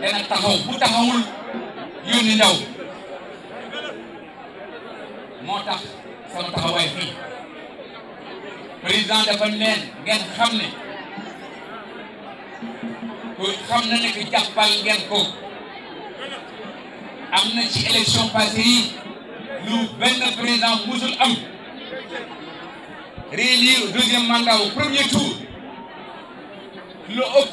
dana taxaw bu taxawul yónni ndaw motax sama taxawaay fi président dafa leen ngeen xam ne ku xam na ne que jàppal ngeen ko am na ci élection passée yi lu benn président musul am réélire deuxième mandat au premier tour lu ëpp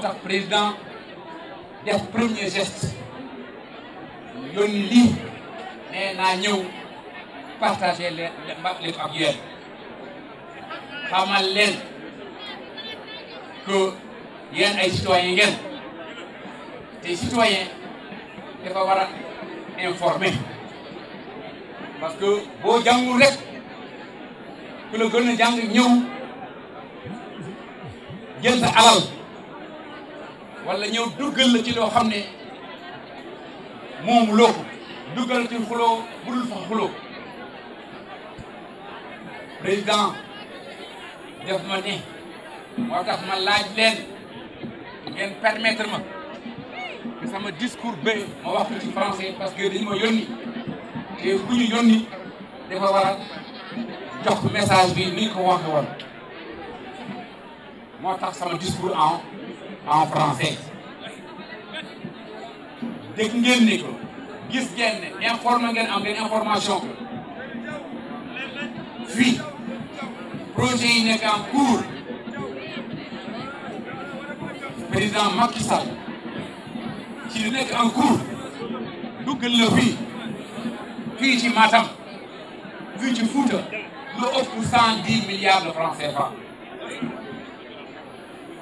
tant président des premier gestes, nous lii dit naa partager les, les papiers. vous que les citoyens, des citoyens, citoyens parce que si nous rek ku le de a des wala nous duggal la ci lo ne duggal ci budul président def ma né ma laaj permettre ma que sama discours ba ma wax français parce que jox message bi ko sama discours en en français. Dès que vous informez des information. Oui, projet est en cours. Président Macky Sall, qui est en cours, nous le vu, puis matin, vu du foot, nous offre 110 milliards de francs CFA.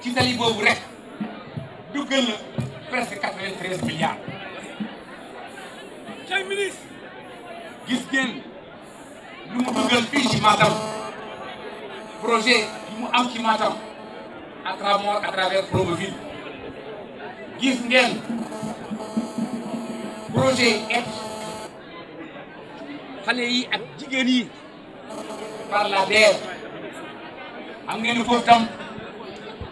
qui tali rek Nous presque 93 milliards. monsieur ministre. gis nous avons projet nous avons Matam à travers à travers projet est fallait yi par la terre.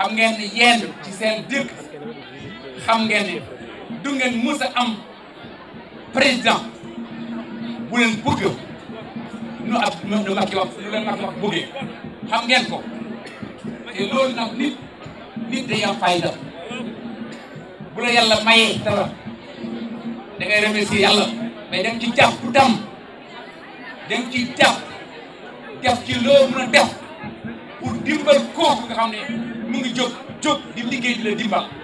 xam ngeen ni yenn ci seen dëkk xam ngeen ni du ngeen mës a am président bu leen bëgg nu ab nu Macky wax nu leen Macky wax bëggee xam ngeen ko te loolu nag nit nit day fayda bu la yàlla mayee dara da ngay remercier yàlla mais da ci jàpp tam da nga ci jàpp def ci loo mën def pour dimbal kooku nga xam ne mu ngi jóg jóg di liggéey di la